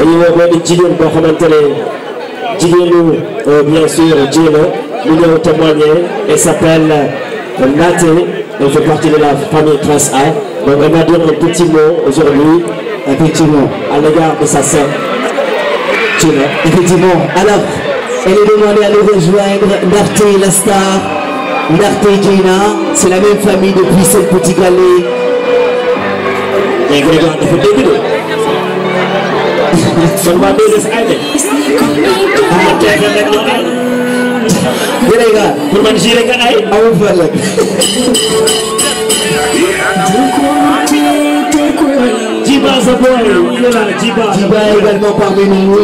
dañu woo benn jigéen boo xamante ne jigéenu euh, bien sûr jigéen la mu ñëw témoigner et s'appelle euh, Naté elle fait partie de la famille classe A donc elle va dire un petit mot aujourd'hui effectivement à l'égard de sa sœur effectivement alors elle est demandée à nous rejoindre Narté la star Narté Tina c'est la même famille depuis Sen Petit Gallé kon waa BDC ay de. ah tey nga nekk loo ay. yéen a pour man jii rek nga ay. amul fa la. Jiba sa boy. Jiba. Jiba également parmi nous.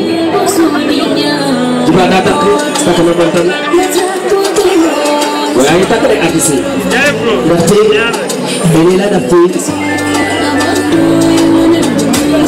Jiba daa takk takk na man tam. waaye takk rek artiste yi. ndaxte. dañuy la adapté.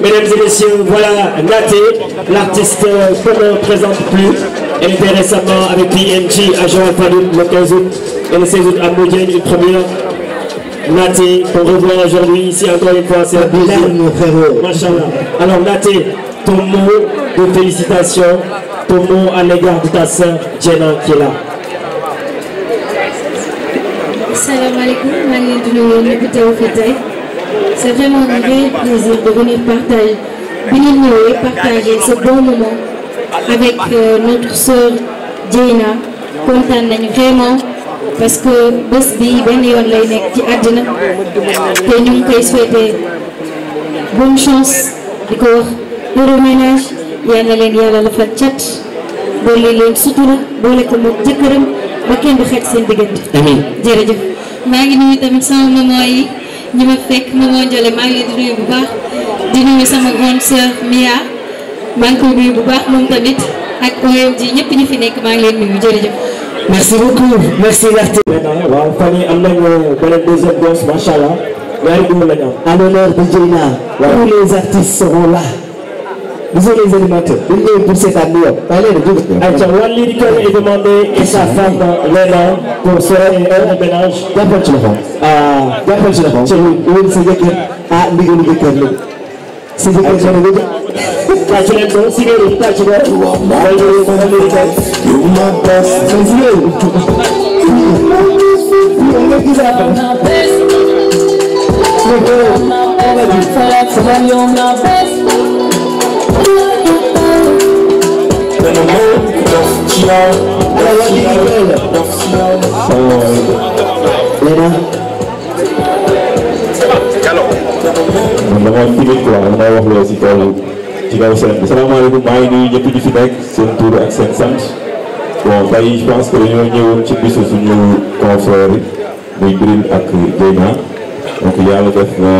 Mesdames et messieurs, voilà Naté, l'artiste qu'on ne présente plus. Elle était récemment avec PNG à Jean Padouk le août et le août à Modiane, une première. Naté, qu'on revoit aujourd'hui ici encore une fois, c'est un plaisir. Alors Naté, ton mot de félicitations, ton à l'égard de ta sœur Jenna qui C'est vraiment un réel plaisir de venir partager, venir nous partager ce bon moment avec euh, notre sœur Dieyna kontaan nañu vraiment parce que bés bi benn yoon lay nekk ci àddina te ñu ngi koy souhaiter bonne chance di ko wax heureux ménage yal na leen yàlla la fal cat boole leen sutura boole ko moom jëkkëram ba kenn du xeet seen diggante. amiin jërëjëf. maa ngi nuyu tamit sama maman yi. ñi ma fekk Maman Jole maa ngi di nuyu bu baax di nuyu sama grande sœur Mia maa ngi bu baax moom tamit ak OMG ñëpp ñi fi nekk maa ngi leen di nuyu jërëjëf. merci beaucoup merci l'artiste. waaw fan yii am nañu a euh, deuxième dose macha allah ñaari góor lañu am. à l'honneur de waaw tous les artistes seront Monsieur les animateurs, dañ ñëw pour seetaan ni yow. waaye léegi jóg ay ca wàllu li di est demandé et sa femme Léna pour se rendre au ménage. jàppal ci loxo. ah jàppal ci loxo. wér sa jëkkër ah ndigalu jëkkër la. sa jëkkër sa jëkkër. tàcc leen ko si ngeen tàcc ko. mooy loolu moom américain. mais si ngeen. nga gisaat ko. dana lépp dof ci yow. dof ci yow ci yow. si kaw ci kaw seen bi salaamaaleykum maa ngi nuyu ñëpp ñu fi nekk seen tur ak seen sant bon tey je pense que ñëwoon ci bisu suñu confrère muy Bril ak Dieyna donc yàlla def na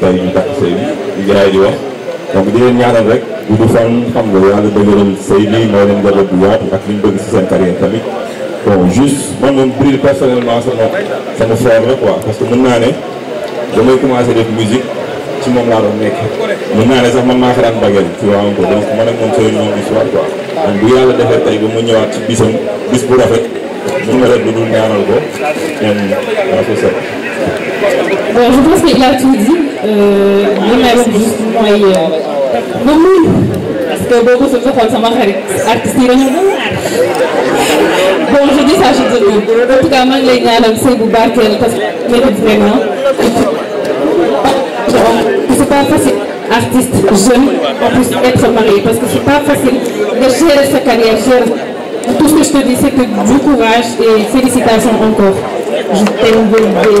tey takk seen bi ñu gars di wax donc di leen ñaanal rek. Doudou Faye xam nga yàlla dëgëral say lii moo leen dara bu yaatu ak li ñu bëgg si seen carrière tamit bon juste man moom brille personnellement sama sama frère la parce que mën naa ne damay commencé def musique ci moom laa doon nekk mën naa ne sax man maa ko daan bagel tu vois ko donc man ak moom sooy ñoom histoire quoi bu bis bu rafet mën na def lu dul ñaanal ko ñoom waa ko set a tout ba muy parce que boo mosul nga xool sama xarit artistes yi dañoo doon waar. bon je dis ça je te en tout cas maa ngi lay ñaanal sëy bu barkeel parce que mérite vraiment. c'est pas facile artiste jeune en plus être marié parce que c'est pas facile de gérer sa carrière tout ce je te dis c'est que du courage et félicitations encore je t'aime bébé.